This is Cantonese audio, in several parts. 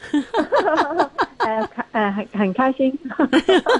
哈哈哈開哎，很很開心。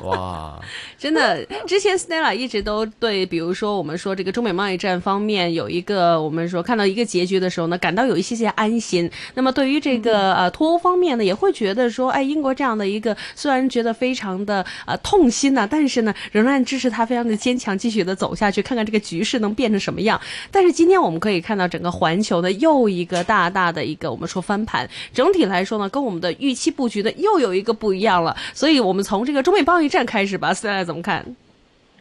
哇、 wow，真的，之前 Stella 一直都對，比如說我們說這個中美貿易戰方面有一個，我們說看到一個結局的時候呢，感到有一些些安心。那麼對於這個呃、啊、脫歐方面呢，也會覺得說，哎，英國這樣的一個，雖然覺得非常的呃、啊、痛心呢、啊，但是呢，仍然支持他非常的堅強，繼續的走下去，看看這個局勢能變成什麼樣。但是今天我們可以看到整個環球的又一個大大的一個我們說翻盤。整體來說呢，跟我。我們的預期布局的又有一個不一樣了，所以，我們從這個中美貿易戰開始吧。雖然怎麼看？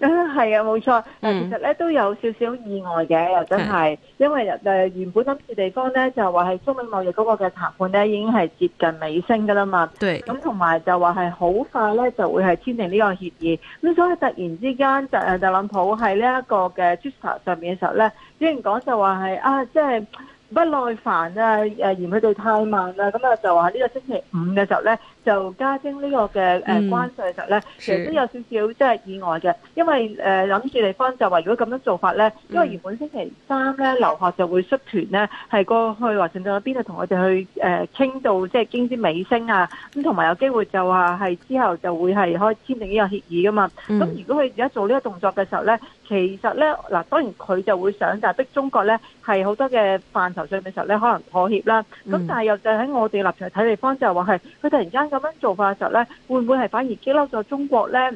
是啊，係啊，冇、嗯、錯。其實咧都有少少意外嘅，又真係，因為誒、呃、原本諗住地方咧就話係中美貿易嗰個嘅談判咧已經係接近尾聲噶啦嘛。對。咁同埋就話係好快咧就會係簽訂呢個協議，咁所以突然之間就誒特朗普喺呢一個嘅 Twitter 上面嘅時候咧，竟然講就話係啊，即係。不耐煩啊！誒嫌佢哋太慢啦、啊，咁啊就話呢個星期五嘅時候咧，就加徵呢個嘅誒關稅嘅時候咧，其實都有少少即係意外嘅，因為誒諗住地方就話，如果咁樣做法咧、嗯，因為原本星期三咧，劉鶴就會率團咧係過去華盛頓邊度同我哋去誒傾、呃、到即係接近尾聲啊，咁同埋有機會就話係之後就會係可以簽訂呢個協議噶嘛。咁、嗯、如果佢而家做呢個動作嘅時候咧，其實咧嗱，當然佢就會想就係逼中國咧係好多嘅範疇上面嘅時候咧，可能妥協啦。咁、嗯、但係又就喺我哋立場睇地方就話係，佢突然間咁樣做法嘅時候咧，會唔會係反而激嬲咗中國咧？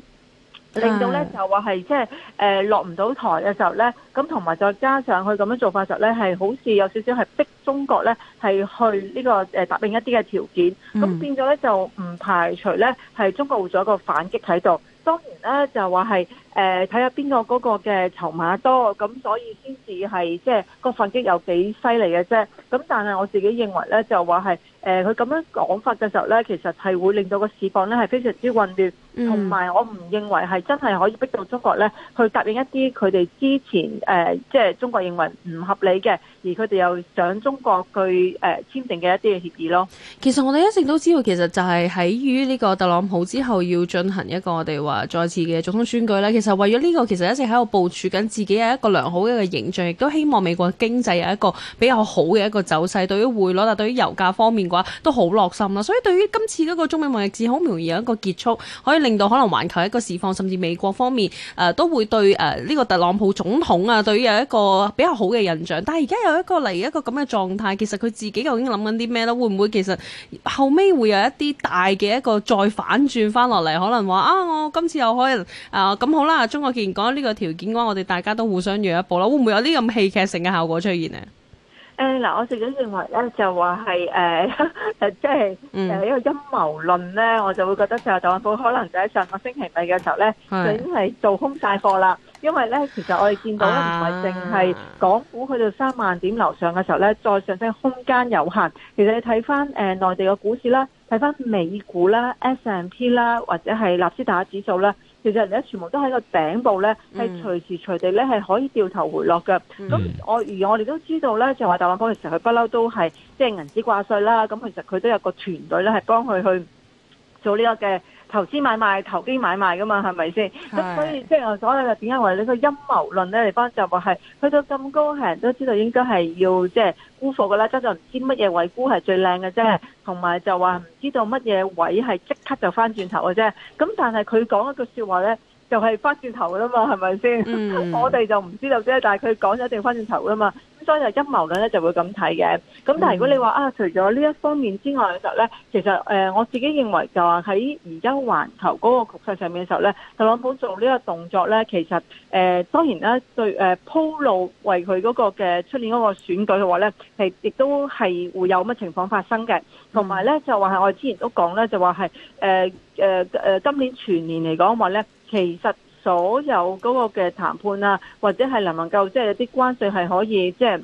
令到咧就話係即係誒落唔到台嘅時候咧，咁同埋再加上佢咁樣做法嘅時候咧，係好似有少少係逼中國咧係去呢個誒答應一啲嘅條件。咁、嗯、變咗咧就唔排除咧係中國會做一個反擊喺度。當然咧就話係誒睇下邊個嗰個嘅籌碼多，咁所以先至係即係個反擊有幾犀利嘅啫。咁但係我自己認為咧就話係。誒、呃，佢咁樣講法嘅時候呢，其實係會令到個市況呢係非常之混亂，同、嗯、埋我唔認為係真係可以逼到中國呢去答應一啲佢哋之前誒，即、呃、係、就是、中國認為唔合理嘅，而佢哋又想中國去誒、呃、簽訂嘅一啲嘅協議咯。其實我哋一直都知道，其實就係喺於呢個特朗普之後要進行一個我哋話再次嘅總統選舉呢。其實為咗呢、這個，其實一直喺度部署緊自己有一個良好嘅形象，亦都希望美國經濟有一個比較好嘅一個走勢。對於匯率啊，對於油價方面。都好落心啦，所以對於今次嗰個中美貿易戰好唔容易有一個結束，可以令到可能環球一個釋放，甚至美國方面誒、呃、都會對誒呢、呃呢個特朗普總統啊，對於有一個比較好嘅印象。但係而家有一個嚟一個咁嘅狀態，其實佢自己究竟諗緊啲咩咧？會唔會其實後尾會有一啲大嘅一個再反轉翻落嚟？可能話啊，我今次又可以啊咁、呃、好啦。中國既然講呢個條件嘅話，我哋大家都互相讓一步啦。會唔會有啲咁戲劇性嘅效果出現呢？嗱、 嗯，我自己認為咧，就話係誒，即係一個陰謀論咧，我就會覺得就係特朗普可能就喺上個星期尾嘅時候咧，是就已經係做空晒貨啦。因為咧，其實我哋見到咧，唔係淨係港股去到三萬點樓上嘅時候咧，再上升空間有限。其實你睇翻誒內地嘅股市啦，睇翻美股啦、S&P 啦，或者係納斯達克指數啦。其實人哋全部都喺個頂部咧，係隨時隨地咧係可以掉頭回落嘅。咁、嗯、我而我哋都知道咧，就話大華公、就是、其實佢不嬲都係即係銀紙掛帥啦。咁其實佢都有一個團隊咧，係幫佢去做呢個嘅。投資買賣、投機買賣噶嘛，係咪先？咁所以即係我所以就點解話呢個陰謀論咧？嚟幫就話係去到咁高，係人都知道應該係要即係沽貨噶啦。真就唔知乜嘢位沽係最靚嘅啫，同埋就話唔知道乜嘢位係即、嗯、刻就翻轉頭嘅啫。咁但係佢講一句說話咧，就係翻轉頭噶嘛，係咪先？嗯、 我哋就唔知道啫，但係佢講咗一定翻轉頭噶嘛。所以就陰謀論咧就會咁睇嘅，咁但係如果你話啊，除咗呢一方面之外嘅時候咧，其實誒我自己認為就係喺而家環球嗰個局勢上面嘅時候咧，特朗普做呢個動作咧，其實誒、呃、當然咧對誒鋪路為佢嗰個嘅出年嗰個選舉嘅話咧，係亦都係會有咁嘅情況發生嘅，同埋咧就話係我哋之前都講咧，就話係誒誒誒今年全年嚟講的話咧，其實。所有嗰個嘅談判啊，或者係能唔能夠，即係有啲關稅係可以即係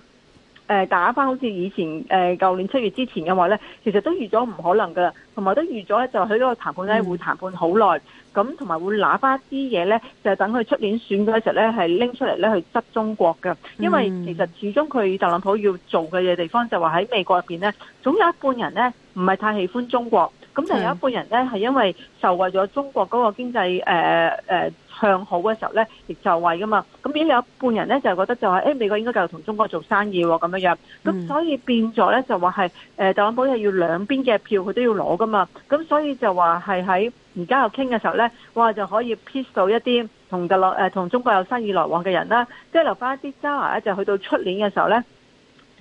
誒打翻好似以前誒舊、呃、年七月之前嘅話咧，其實都預咗唔可能噶，同埋都預咗就喺嗰個談判咧會談判好耐，咁同埋會拿翻一啲嘢咧，就係、等佢出年選舉嘅時候咧係拎出嚟咧去執中國㗎。因為其實始終佢特朗普要做嘅嘢地方就話喺美國入面咧，總有一半人咧唔係太喜歡中國。咁就有一半人咧，係因為受惠咗中國嗰個經濟誒、呃呃、向好嘅時候咧，亦受惠噶嘛。咁而有一半人咧，就覺得就係誒、哎、美國應該繼續同中國做生意喎、哦，咁樣樣。咁所以變咗咧，就話係誒特朗普係要兩邊嘅票，佢都要攞噶嘛。咁所以就話係喺而家又傾嘅時候咧，哇就可以 peace 到一啲同日同中國有生意來往嘅人啦，即、就、係、是、留翻一啲渣牙咧，就去到出年嘅時候咧。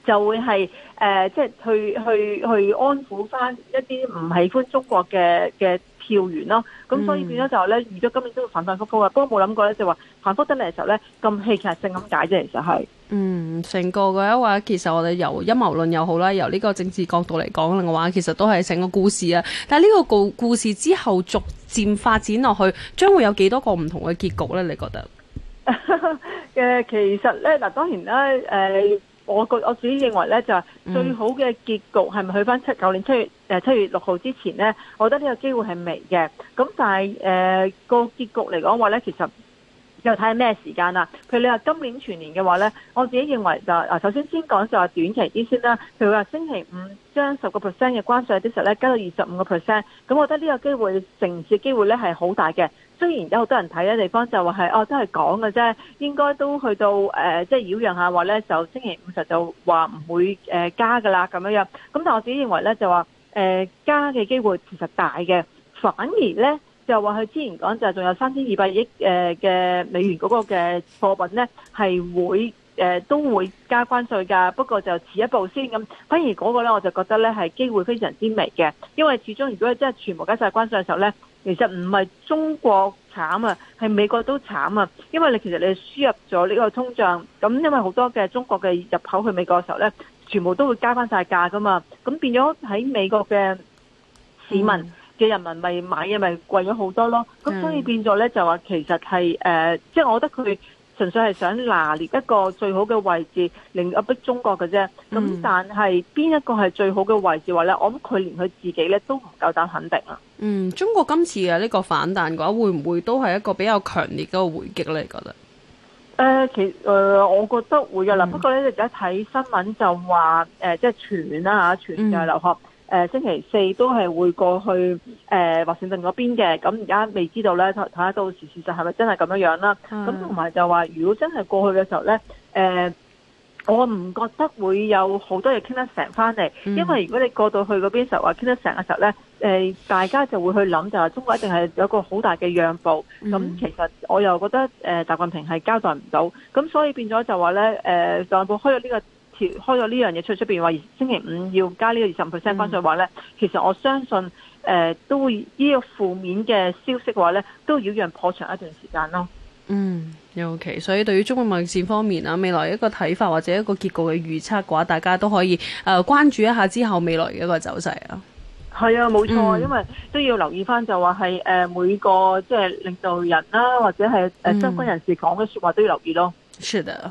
就會係誒、呃，即係去去去安撫翻一啲唔喜歡中國嘅嘅票源咯。咁所以變咗就係咧，預咗今年都會反反覆覆啊。不過冇諗過咧，就話反覆得嚟嘅時候咧，咁戲劇性咁解啫。其實係嗯，成個嘅話，其實我哋由陰謀論又好啦，由呢個政治角度嚟講嘅話，其實都係成個故事啊。但係呢個故故事之後逐漸發展落去，將會有幾多個唔同嘅結局咧？你覺得？誒、 呃，其實咧嗱，當然啦，誒、呃。我個我自己認為咧，就係最好嘅結局係咪去翻七九年七月誒七月六號之前咧？我覺得呢個機會係微嘅。咁但係誒個結局嚟講話咧，其實又睇係咩時間啦。譬如你話今年全年嘅話咧，我自己認為就啊、是，首先先講就話短期啲先啦。譬如話星期五將十個 percent 嘅關稅啲實咧加到二十五個 percent，咁我覺得呢個機會成事嘅機會咧係好大嘅。雖然有好多人睇嘅地方就話係哦，都係講嘅啫，應該都去到誒，即係擾攘下話咧，就星期五實就話唔會誒、呃、加嘅啦咁樣樣。咁但我自己認為咧就話誒、呃、加嘅機會其實大嘅，反而咧就話佢之前講就係仲有三千二百億誒嘅美元嗰個嘅貨品咧係會誒、呃、都會加關稅㗎，不過就遲一步先咁。咁反而嗰個咧我就覺得咧係機會非常之微嘅，因為始終如果真係全部加晒關稅嘅時候咧。其實唔係中國慘啊，係美國都慘啊，因為你其實你輸入咗呢個通脹，咁因為好多嘅中國嘅入口去美國嘅時候咧，全部都會加翻晒價噶嘛，咁變咗喺美國嘅市民嘅人民咪買嘢咪貴咗好多咯，咁所以變咗咧就話其實係誒，即、呃、係、就是、我覺得佢純粹係想拿捏一個最好嘅位置，令壓逼中國嘅啫，咁但係邊一個係最好嘅位置嘅話咧，我諗佢連佢自己咧都唔夠膽肯定啊。嗯，中國今次嘅呢個反彈嘅話，會唔會都係一個比較強烈嘅回擊咧？你覺得？誒，其誒、呃，我覺得會嘅啦、嗯。不過你而家睇新聞就話，誒、呃，即係傳啦吓，全嘅留學，誒、嗯呃，星期四都係會過去，誒、呃，華盛頓嗰邊嘅。咁而家未知道呢，睇下到時事實係咪真係咁樣樣啦。咁同埋就話，如果真係過去嘅時候呢。誒、呃。我唔覺得會有好多嘢傾得成翻嚟，因為如果你過到去嗰邊時候話傾得成嘅時候咧，誒、呃、大家就會去諗就係中國一定係有個好大嘅讓步，咁、嗯、其實我又覺得誒習、呃、近平係交代唔到，咁所以變咗就話咧誒，外、呃、交部開咗呢、這個條開咗呢樣嘢出出邊話星期五要加呢個二十五 percent 關稅嘅話咧、嗯，其實我相信誒、呃、都會呢、這個負面嘅消息嘅話咧，都要讓破長一段時間咯。嗯。Okay，所以對於中國內戰，中國貿易戰方面啊，未來一個睇法或者一個結局嘅預測嘅話，大家都可以誒、呃、關注一下之後未來嘅一個走勢啊。係啊，冇錯、嗯，因為都要留意翻，就話係誒每個即係領導人啦、啊，或者係誒相關人士講嘅説話都要留意咯。是的。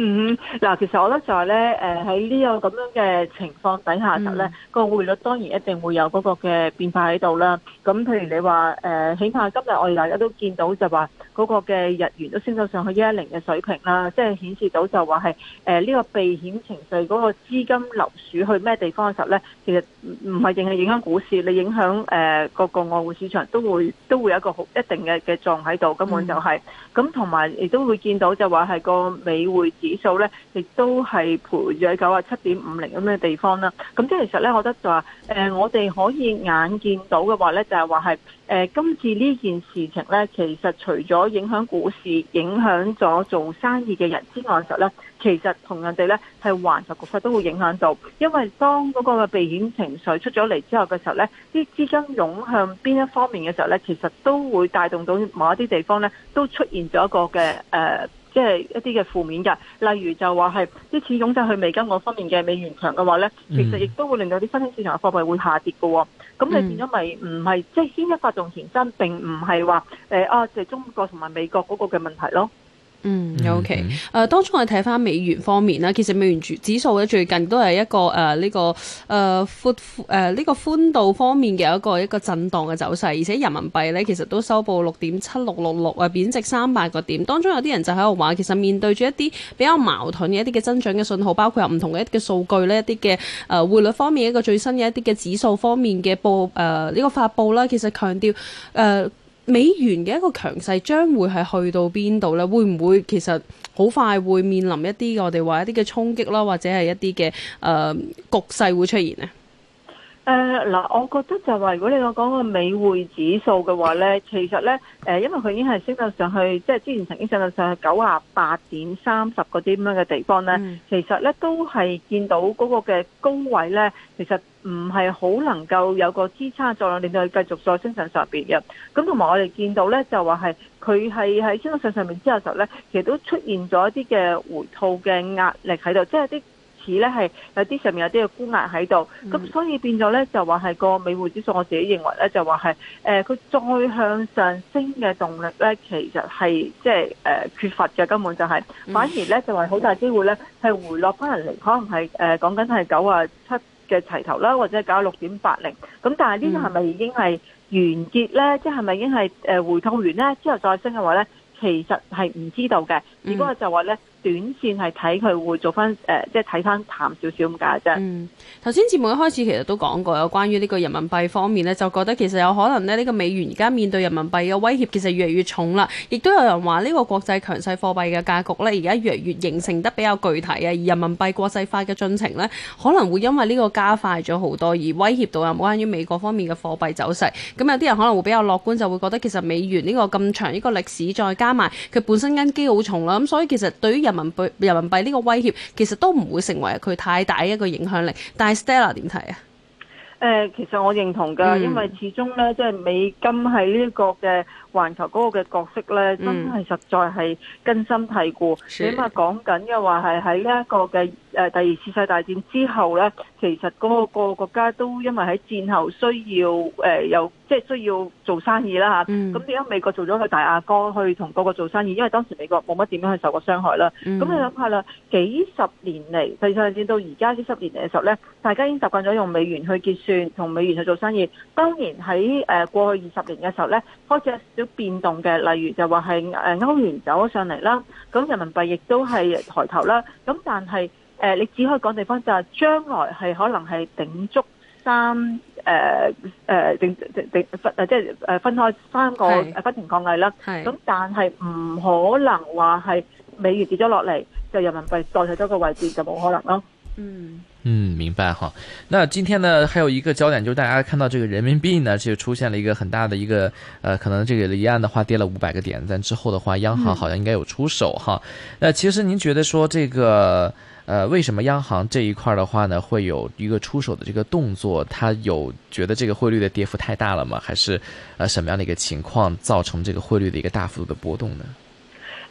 嗯，嗱，其實我覺得就係咧，喺呢個咁樣嘅情況底下就咧，嗯，那個匯率當然一定會有嗰個嘅變化喺度啦。咁譬如你話誒，起碼今日我哋大家都見到就話嗰、那個嘅日元都升咗上去一一零嘅水平啦，即、就、係、是、顯示到就話係呢個避險情緒嗰個資金流署去咩地方嘅時候咧，其實唔係淨係影響股市，你、嗯、影響誒個、呃、各個外匯市場都會都會有一個好一定嘅嘅狀喺度，根本就係咁，同埋亦都會見到就話係個美匯。指數咧，亦都係賠咗喺九啊七點五零咁嘅地方啦。咁即係其實咧，我覺得就話，誒，我哋可以眼見到嘅話咧，就係話係，誒，今次呢件事情咧，其實除咗影響股市、影響咗做生意嘅人之外，嘅時候咧，其實同人哋咧係環球局勢都會影響到。因為當嗰個避險情緒出咗嚟，之後嘅時候咧，啲資金湧向邊一方面嘅時候咧，其實都會帶動到某一啲地方咧，都出現咗一個嘅誒。即、就、係、是、一啲嘅負面㗎。例如就話係啲錢湧進去美金嗰方面嘅美元強嘅話呢、嗯，其實亦都會令到啲新興市場嘅貨幣會下跌㗎喎、哦。咁你變咗咪唔係即係牽一髮動全身，並唔係話誒啊，就係中國同埋美國嗰個嘅問題囉。嗯，嗯，OK、呃。誒，當中我哋睇翻美元方面啦，其實美元指數咧最近都係一個誒呢、呃這個誒、呃呃這個、寬誒呢個寬度方面嘅一個一個震盪嘅走勢，而且人民幣咧其實都收報六點七六六六啊，貶值三百個點。當中有啲人就喺度話，其實面對住一啲比較矛盾嘅一啲嘅增長嘅信號，包括有唔同嘅一啲嘅數據呢一啲嘅誒匯率方面一個最新嘅一啲嘅指數方面嘅報呢、呃這個發布啦，其實強調誒。呃美元嘅一個強勢將會係去到邊度咧？會唔會其實好快會面臨一啲我哋話一啲嘅衝擊啦，或者係一啲嘅誒局勢會出現咧？誒、呃、嗱，我覺得就話如果你我講個美匯指數嘅話咧，其實咧誒、呃，因為佢已經係升到上去，即、就、係、是、之前曾經上升到上去九十八點三十嗰啲咁樣嘅地方咧、嗯，其實咧都係見到嗰個嘅高位咧，其實唔係好能夠有個支撐作用，令到佢繼續再升上上邊嘅。咁同埋我哋見到咧，就話係佢係喺升上上面之後時候咧，其實都出現咗一啲嘅回吐嘅壓力喺度，即係啲。而咧係有啲上面有啲嘅沽壓喺度，咁、嗯、所以變咗咧就話係個美匯指數，我自己認為咧就話係誒佢再向上升嘅動力咧，其實係即係誒缺乏嘅根本就係、嗯，反而咧就話好大機會咧係回落翻嚟，可能係誒、呃、講緊係九啊七嘅齊頭啦，或者九啊六點八零，咁但係呢個係咪已經係完結咧？即係係咪已經係誒回吐完咧之後再升嘅話咧，其實係唔知道嘅。如果就話咧。短線係睇佢會做翻誒、呃，即係睇翻淡少少咁解啫。嗯，頭先節目一開始其實都講過有關於呢個人民幣方面呢，就覺得其實有可能咧，呢、呢個美元而家面對人民幣嘅威脅其實越嚟越重啦。亦都有人話呢個國際強勢貨幣嘅格局呢，而家越嚟越形成得比較具體啊。而人民幣國際化嘅進程呢，可能會因為呢個加快咗好多而威脅到啊，關於美國方面嘅貨幣走勢。咁有啲人可能會比較樂觀，就會覺得其實美元呢個咁長呢、呢個歷史，再加埋佢本身根基好重啦。咁所以其實對於人民幣，人民幣呢個威脅其實都唔會成為佢太大的一個影響力，但係 Stella 點睇啊？誒、呃，其實我認同噶，嗯，因為始終咧，即係美金喺呢個嘅環球嗰個嘅角色咧，真、嗯、係實在係根深蒂固。起碼講緊嘅話係喺呢一個嘅誒第二次世界大戰之後咧，其實嗰個個國家都因為喺戰後需要誒、呃、有。即係需要做生意啦嚇，咁點解美國做咗佢大阿哥去同嗰個做生意？因為當時美國冇乜點樣去受過傷害啦。咁、嗯、你諗下啦，幾十年嚟，佢甚至到而家呢十年嚟嘅時候咧，大家已經習慣咗用美元去結算，同美元去做生意。當然喺誒過去二十年嘅時候咧，開始有少少變動嘅，例如就話係歐元走咗上嚟啦，咁人民幣亦都係抬頭啦。咁但係誒，你只可以講地方就係將來係可能係頂足。三誒誒、呃呃、定定定誒、呃、即係誒分開三個誒分庭抗禮啦。係咁但係唔可能話係美元跌咗落嚟就人民幣代替咗個位置就冇可能咯。嗯嗯，明白哈。那今天呢還有一個焦點就是，大家看到這個人民幣呢就出現了一個很大的一個誒、呃、可能這個離岸的話跌了五百個點，但之後的話央行好像應該有出手哈。那、嗯、其實您覺得說這個？呃為什麼央行這一塊的話呢，會有一個出手的這個動作？它有覺得這個匯率的跌幅太大了嗎？還是，呃什麼樣的一個情況造成這個匯率的一個大幅度的波動呢？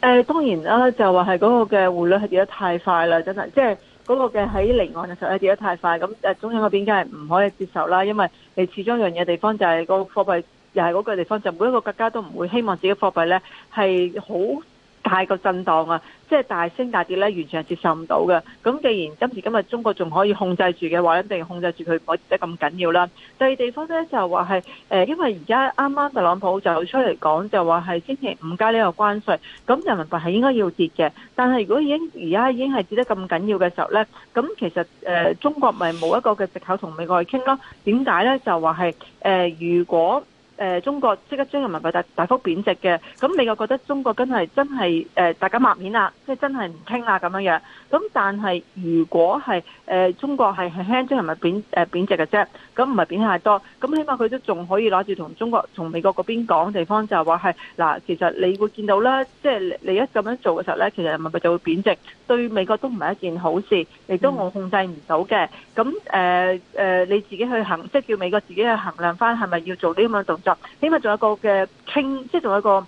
誒、呃，當然啦，啊，就話係嗰個嘅匯率係跌得太快啦，真係，即係嗰個嘅喺離岸嘅時候係跌得太快，咁誒中央嗰邊梗係唔可以接受啦，因為你始終一樣嘢地方就係個貨幣又係嗰個地方，就每一個國家都唔會希望自己貨幣呢係好。是太過震盪啊！即係大升大跌咧，完全係接受唔到嘅。咁既然今時今日中國仲可以控制住嘅話，一定控制住佢唔可以跌得咁緊要啦。第二地方咧就話係誒，因為而家啱啱特朗普就出嚟講，就話係星期五加呢個關稅，咁人民幣係應該要跌嘅。但係如果已經而家已經係跌得咁緊要嘅時候咧，咁其實、呃、中國咪冇一個嘅藉口同美國去傾咯。點解咧？就話係誒，如果誒中國即刻將人民幣大大幅貶值嘅，咁美國覺得中國真係真係誒大家抹面啦，即係真係唔傾啦咁樣樣。咁但係如果係誒中國係輕即係唔係貶誒貶值嘅啫，咁唔係貶值太多，咁起碼佢都仲可以攞住同中國同美國嗰邊講地方就係話係嗱，其實你會見到啦，即係你一咁樣做嘅時候咧，其實人民幣就會貶值，對美國都唔係一件好事，亦都我控制唔到嘅。咁誒誒你自己去衡，即係叫美國自己去衡量翻係咪要做啲咁樣動作。起碼仲有一個嘅傾，即係仲有一個誒、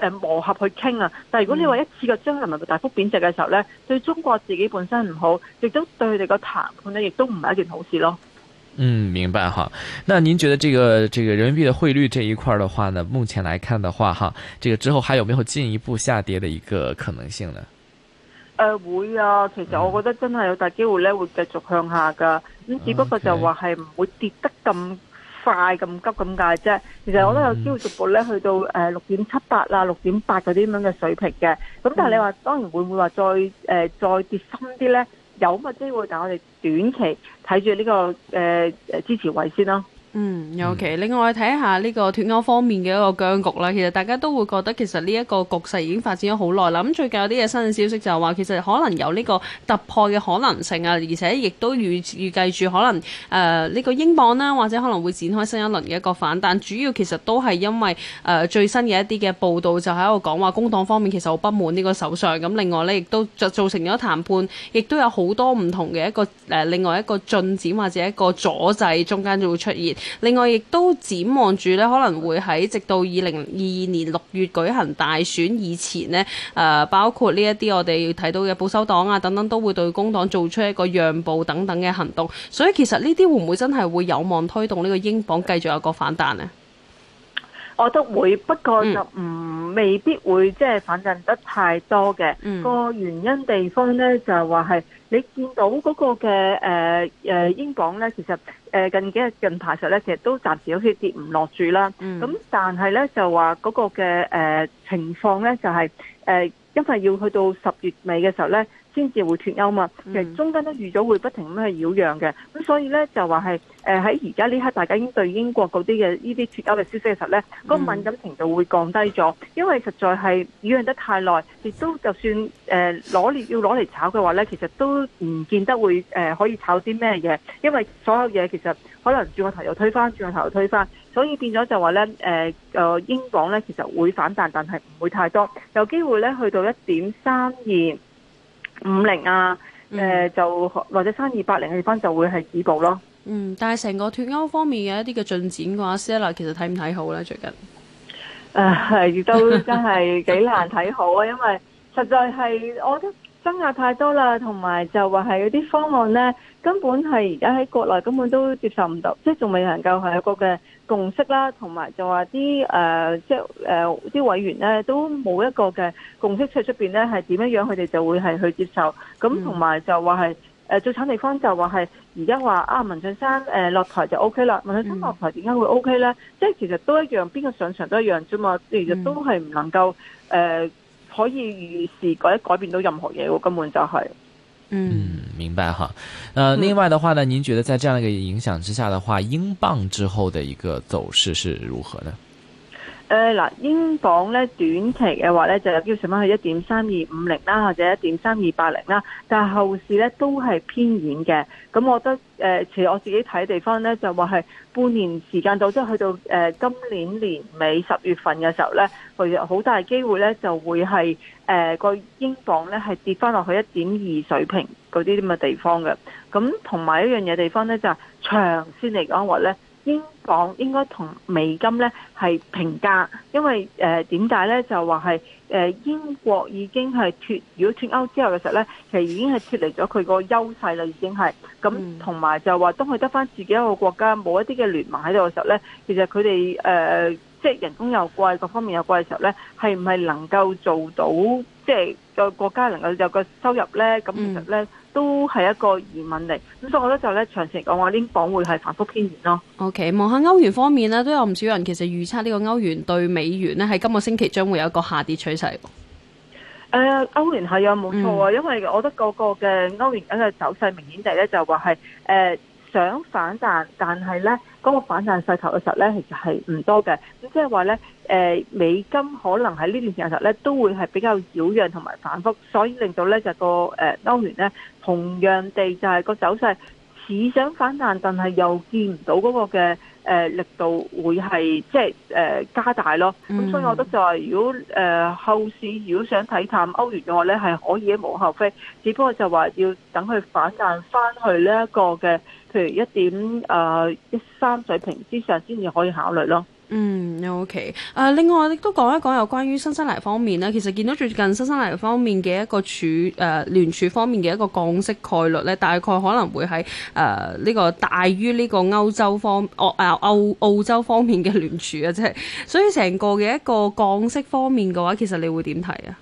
呃、磨合去傾啊！但係如果你話一次嘅將人民幣大幅貶值嘅時候咧、嗯，對中國自己本身唔好，亦都對佢哋個談判咧，亦都唔係一件好事咯。嗯，明白哈。那您覺得這個這個人民幣嘅匯率這一塊的話呢？目前來看的話哈，這個之後還有沒有進一步下跌的一個可能性呢？誒、呃、會啊，其實我覺得真係有大機會咧、嗯，會繼續向下噶。咁只、okay. 不過就話係唔會跌得咁。大咁急咁大啫，其實我都有機會逐步咧去到誒六點七八啦、六點八嗰啲咁樣嘅水平嘅。咁但係你話當然會唔會話再誒、呃、再跌深啲咧？有咁嘅機會，但係我哋短期睇住呢個誒誒、呃、支持位先咯。嗯，尤、嗯、其、okay, 另外睇下呢個脫歐方面嘅一個僵局啦。其實大家都會覺得其實呢一個局勢已經發展咗好耐啦。咁最近有啲嘅新消息就話，其實可能有呢個突破嘅可能性啊，而且亦都預預計住可能誒呢、呃這個英鎊啦，或者可能會展開新一輪嘅一個反彈。主要其實都係因為誒、呃、最新嘅一啲嘅報道就喺度講話，工黨方面其實好不滿呢個首相。咁另外咧亦都就造成咗談判，亦都有好多唔同嘅一個誒、呃、另外一個進展或者一個阻滯中間就會出現。另外，亦都展望住咧，可能會喺直到二零二二年六月舉行大選以前呢，誒，包括呢一啲我哋睇到嘅保守黨啊等等，都會對工黨做出一個讓步等等嘅行動。所以其實呢啲會唔會真係會有望推動呢個英鎊繼續有個反彈呢？我覺得會，不過就唔、嗯、未必會即係、就是、反彈得太多嘅。個、嗯、原因地方咧就係話係你見到嗰個嘅誒、呃呃、英鎊咧，其實誒、呃、近幾日近排時候咧，其實都暫時好似跌唔落住啦。咁、嗯、但係咧就話嗰個嘅誒、呃、情況咧就係、是、誒、呃，因為要去到十月尾嘅時候咧。先至會脫歐嘛，其實中間都預咗會不停咁去擾攘嘅咁，mm. 所以呢，就話係喺而家呢刻，大家已經對英國嗰啲嘅呢啲脫歐嘅消息嘅時候呢，個敏感程度會降低咗，mm. 因為實在係擾攘得太耐，亦都就算誒攞、呃、要攞嚟炒嘅話呢，其實都唔見得會誒、呃、可以炒啲咩嘢，因為所有嘢其實可能轉個頭又推翻，轉個頭又推翻，所以變咗就話呢，誒、呃、英鎊呢其實會反彈，但係唔會太多，有機會呢去到一點三二。五零啊，誒、呃嗯、就或者三二八零嘅地方就會係止步咯。嗯，但係成個脱歐方面嘅一啲嘅進展嘅話，s i a 其實睇唔睇好咧最近？誒、啊、都真係幾難睇好啊， 因為實在係我覺得增壓太多啦，同埋就話係有啲方案咧根本係而家喺國內根本都接受唔到，即係仲未能夠係一個嘅。共識啦，同埋就話啲誒，即係誒啲委員咧，都冇一個嘅共識出出邊咧，係點樣佢哋就會係去接受。咁同埋就話係、嗯、最慘地方就話係而家話啊，文俊生落台就 OK 啦，文俊生落台點解會 OK 咧、嗯？即係其實都一樣，邊個上場都一樣啫嘛，其實都係唔能夠誒、呃、可以隨時改改變到任何嘢喎，根本就係、是。嗯，明白哈。那、呃、另外的話呢，您覺得在這樣一個影響之下的話，英鎊之後的一個走勢是如何呢？誒嗱，英鎊咧短期嘅話咧，就有機會上翻去一點三二五零啦，或者一點三二八零啦。但係後市咧都係偏遠嘅。咁我覺得、呃、其實我自己睇地方咧，就話係半年時間到，即係去到誒今年年尾十月份嘅時候咧，佢好大機會咧就會係誒個英鎊咧係跌翻落去一點二水平嗰啲咁嘅地方嘅。咁同埋一樣嘢地方咧就係、是、長線嚟講話咧。英鎊應該同美金咧係平價，因為誒點解咧就話係誒英國已經係脫如果脫歐之後嘅時候咧，其實已經係脫離咗佢個優勢啦，已經係咁、嗯、同埋就話當佢得返自己一個國家冇一啲嘅聯盟喺度嘅時候咧，其實佢哋誒即係人工又貴，各方面又貴嘅時候咧，係唔係能夠做到即係個國家能夠有個收入咧？咁其實咧。嗯都係一個疑問嚟，咁所以我覺得就咧長線嚟講，我呢啲英鎊係反覆偏軟咯。O K，望下歐元方面咧，都有唔少人其實預測呢個歐元對美元咧喺今個星期將會有一個下跌趨勢。誒、呃，歐元係啊，冇錯啊、嗯，因為我覺得個個嘅歐元嘅走勢明顯地咧就話係誒。呃想反彈，但係呢嗰、那個反彈勢頭嘅時候呢，其實係唔多嘅。咁即係話呢，誒美金可能喺呢段時間呢都會係比較擾攘同埋反覆，所以令到呢就是、個誒歐元呢同樣地就係個走勢似想反彈，但係又見唔到嗰個嘅誒力度會係即係誒加大咯。咁所以我覺得就話，如果誒後市如果想睇淡歐元嘅話呢，係可以冇可厚非，只不過就話要等佢反彈翻去呢、那、一個嘅。譬如一點，誒一三水平之上，先至可以考慮咯。嗯，OK。誒、uh，另外亦都講一講有關於新西蘭方面咧。其實見到最近新西蘭方面嘅一個處誒、uh, 聯儲方面嘅一個降息概率咧，大概可能會喺誒呢個大於呢個歐洲方澳誒澳澳洲方面嘅聯儲啊，即係所以成個嘅一個降息方面嘅話，其實你會點睇啊？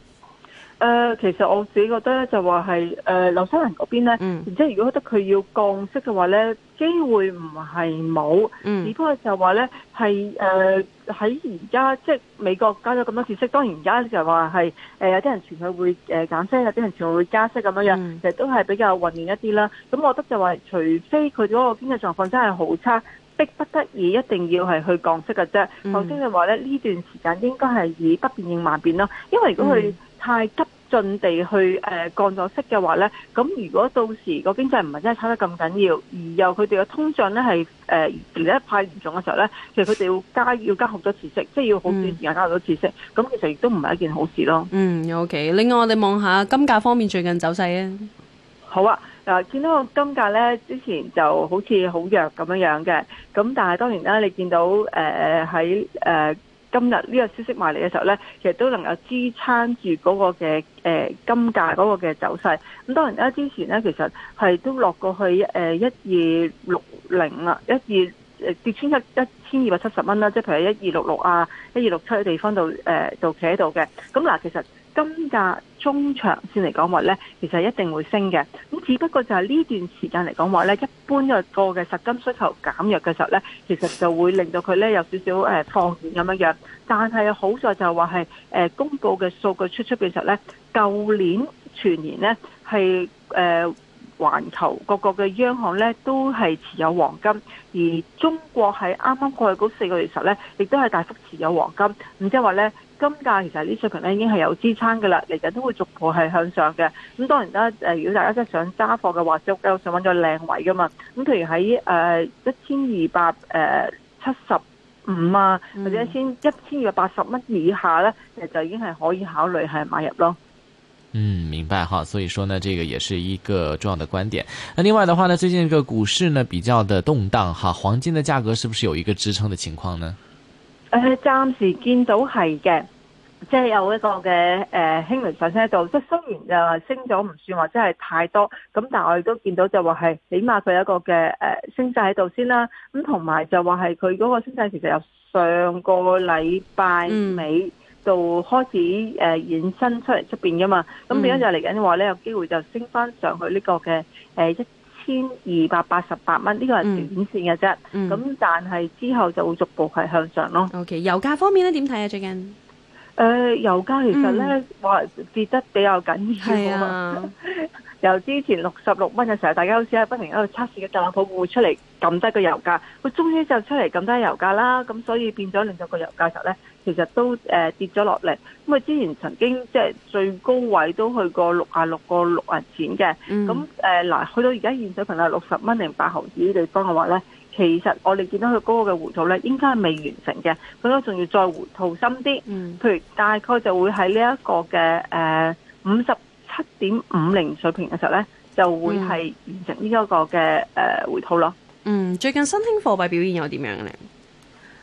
誒、呃，其實我自己覺得咧，就話係誒，劉、呃、生嗰邊咧，然之後如果覺得佢要降息嘅話咧，機會唔係冇，只不過就話咧係誒喺而家即係美國加咗咁多次息，當然而家就話係誒有啲人傳佢會誒減、呃、息，有啲人傳佢會加息咁樣樣、嗯，其實都係比較混亂一啲啦。咁我覺得就話，除非佢嗰個經濟狀況真係好差，逼不得已一定要係去降息嘅啫。首先就話咧呢段時間應該係以不變應萬變咯，因為如果佢太急進地去誒、呃、降咗息嘅話咧，咁如果到時個經濟唔係真係差得咁緊要，而又佢哋嘅通脹咧係誒而家太嚴重嘅時候咧，其實佢哋要加要加好多次息，即、嗯、係要好短時間加好多次息，咁其實亦都唔係一件好事咯。嗯，OK。另外我哋望下金價方面最近走勢啊。好啊，嗱、呃，見到金價咧之前就好似好弱咁樣樣嘅，咁但係當然啦，你見到誒喺誒。呃今日呢個消息埋嚟嘅時候呢，其實都能夠支撐住嗰個嘅誒金價嗰個嘅走勢。咁當然啦，之前呢其實係都落過去誒一二六零啊，一二跌穿一一千二百七十蚊啦，即係譬如一二六六啊，一二六七嘅地方度誒就企喺度嘅。咁、呃、嗱，其實。金價中長線嚟講話呢，其實一定會升嘅。咁只不過就係呢段時間嚟講話呢，一般嗰個嘅實金需求減弱嘅時候呢，其實就會令到佢呢有少少誒、呃、放軟咁樣樣。但係好在就話係誒公佈嘅數據出出嘅時候呢，舊年全年呢係誒，環球各國嘅央行咧都係持有黃金，而中國喺啱啱過去嗰四個月時咧，亦都係大幅持有黃金。咁即係話咧，金價其實呢水平咧已經係有支撐嘅啦，嚟日都會逐步係向上嘅。咁當然啦，誒，如果大家真係想揸貨嘅話，就繼續上揾咗靚位噶嘛。咁譬如喺誒一千二百誒七十五啊、嗯，或者先一千二百八十蚊以下咧，其實就已經係可以考慮係買入咯。嗯，明白哈，所以說呢，這個也是一個重要的觀點。那另外的話呢，最近個股市呢比較的動盪哈，黃金的價格是不是有一個支撐的情況呢？誒、呃，暫時見到係嘅，即、就、係、是、有一個嘅誒、呃、輕微上升喺度，即係雖然就話升咗唔算話真係太多，咁但係我亦都見到就話係起碼佢有一個嘅誒、呃、升勢喺度先啦。咁同埋就話係佢嗰個升勢其實由上個禮拜尾。嗯就開始誒延伸出嚟出邊噶嘛，咁變咗就嚟緊話咧、嗯、有機會就升翻上去呢個嘅誒一千二百八十八蚊，呢、呃呢個係短線嘅啫，咁、嗯嗯、但係之後就會逐步係向上咯。O、okay, K，油價方面咧點睇啊？最近、啊？誒、呃、油價其實咧話、嗯、跌得比較緊要啊嘛， 由之前六十六蚊嘅時候，大家好似喺不停喺度測試嘅，特朗普會出嚟撳低個油價，佢終於就出嚟撳低油價啦。咁所以變咗令到個油價實咧，其實都誒、呃、跌咗落嚟。咁佢之前曾經即係最高位都去過六啊六個六啊錢嘅，咁誒嗱去到而家現水平啦，六十蚊零八毫紙地方嘅話咧。其實我哋見到佢嗰個嘅回吐咧，應該係未完成嘅，佢都仲要再回吐深啲。嗯，譬如大概就會喺呢一個嘅誒五十七點五零水平嘅時候咧，就會係完成呢一個嘅誒回吐咯。嗯，最近新興貨幣表現又點樣咧？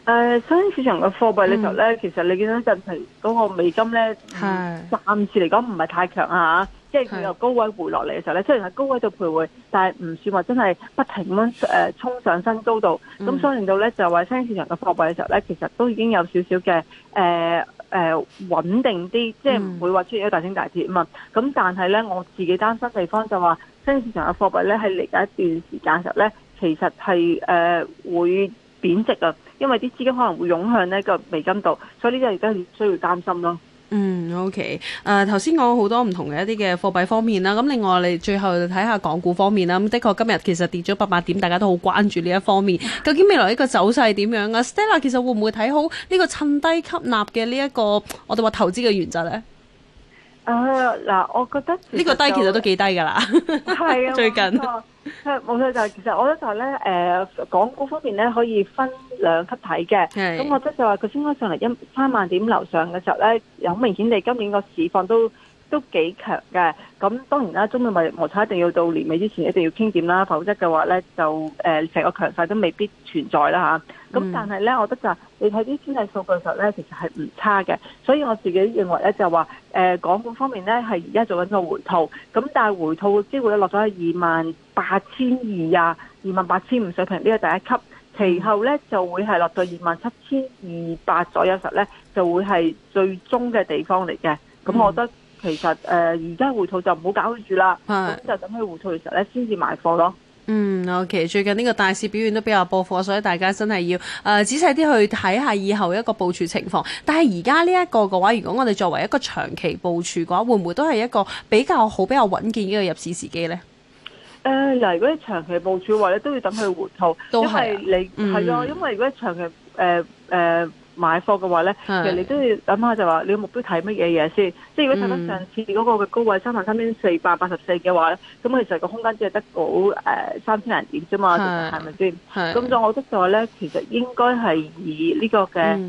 誒、呃，新興市場嘅貨幣裡頭呢頭咧、嗯，其實你見到近期嗰個美金咧，暫時嚟講唔係太強啊。即係佢由高位回落嚟嘅時候咧，雖然係高位度徘徊，但係唔算話真係不停咁誒、呃、衝上新高度，咁所以令到咧就話，新興市場嘅貨幣嘅時候咧，其實都已經有少少嘅誒誒穩定啲，即係唔會話出現一個大升大跌啊嘛。咁、嗯、但係咧，我自己擔心嘅地方就話，新興市場嘅貨幣咧喺嚟緊一段時間嘅時候咧，其實係誒、呃、會貶值啊，因為啲資金可能會湧向呢個美金度，所以呢個而家係需要擔心咯。嗯，OK，誒，頭先講好多唔同嘅一啲嘅貨幣方面啦，咁另外我哋最後睇下港股方面啦，咁的確今日其實跌咗八百點，大家都好關注呢一方面，究竟未來呢個走勢點樣啊 ？Stella 其實會唔會睇好呢個趁低吸納嘅、這個、呢一個我哋話投資嘅原則咧？啊、呃、嗱，我覺得呢、就是呢個低其實都幾低噶啦，啊， 最近冇錯，就係其實我都就咧誒、呃，港股方面咧可以分兩級睇嘅，咁我覺得就係佢升開上嚟一三萬點樓上嘅時候咧，又好明顯地今年個市況都都幾強嘅，咁當然啦，中美貿易摩擦一定要到年尾之前一定要傾點啦，否則嘅話咧就誒成、呃、個強勢都未必存在啦咁、嗯、但係咧，我覺得就是、你睇啲經濟數據嘅時候咧，其實係唔差嘅。所以我自己認為咧就話誒、呃、港股方面咧係而家做緊個回吐，咁但係回吐嘅機會咧落咗喺二萬八千二啊，二萬八千五水平呢個第一級，其後咧就會係落到二萬七千二百左右實咧就會係最終嘅地方嚟嘅。咁我覺得、嗯。其實誒，而家回吐就唔好搞佢住啦，就等佢回吐嘅時候咧，先至買貨咯。嗯，OK，最近呢個大市表現都比較波幅，所以大家真係要誒、呃、仔細啲去睇下以後一個部署情況。但係而家呢一個嘅話，如果我哋作為一個長期部署嘅話，會唔會都係一個比較好、比較穩健嘅入市時機呢？誒，嗱，如果你長期部署嘅話，咧都要等佢回吐，都、啊、因為你係咯，嗯，因為如果長期誒誒。呃呃買貨嘅話咧，其實你都要諗下，就話你個目標睇乜嘢嘢先？即係如果睇翻上次嗰個嘅高位三萬三千四百八十四嘅話咧，咁、嗯、其實個空間只係得嗰三千零點啫嘛，係咪先？咁我覺得就話咧，其實應該係以呢個嘅誒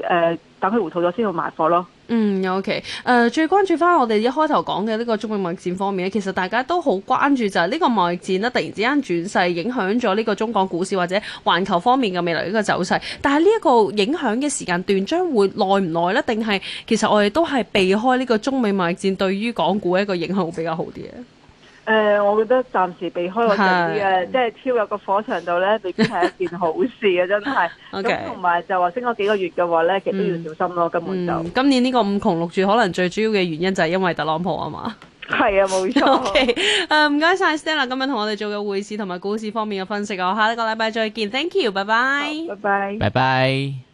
誒誒，等佢回吐咗先去賣貨咯。嗯，OK，誒、呃、最關注翻我哋一開頭講嘅呢個中美貿易戰方面咧，其實大家都好關注就係呢個貿易戰咧，突然之間轉勢影響咗呢個中港股市或者環球方面嘅未來呢個走勢，但係呢一個影響嘅時間段將會耐唔耐呢？定係其實我哋都係避開呢個中美貿易戰對於港股一個影響會比較好啲。誒、呃，我覺得暫時避開嗰陣啲即係跳入個火場度咧，未必係一件好事嘅， 真係。咁同埋就話升咗幾個月嘅話咧、嗯，其實都要小心咯、啊，根本就。嗯、今年呢個五窮六絕，可能最主要嘅原因就係因為特朗普啊嘛。係 啊，冇錯。誒，唔該晒 Stella 啊今日同我哋做嘅匯市同埋股市方面嘅分析啊，我下一個禮拜再見，Thank you，拜拜，拜拜，拜拜。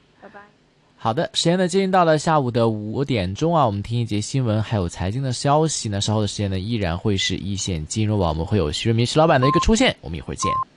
好的，時間呢接近到了下午的五點鐘啊，我們聽一節新聞，還有財經的消息呢。稍後的時間呢，依然會是一線金融網，我們會有徐瑞明徐老闆的一個出現，我們一會兒見。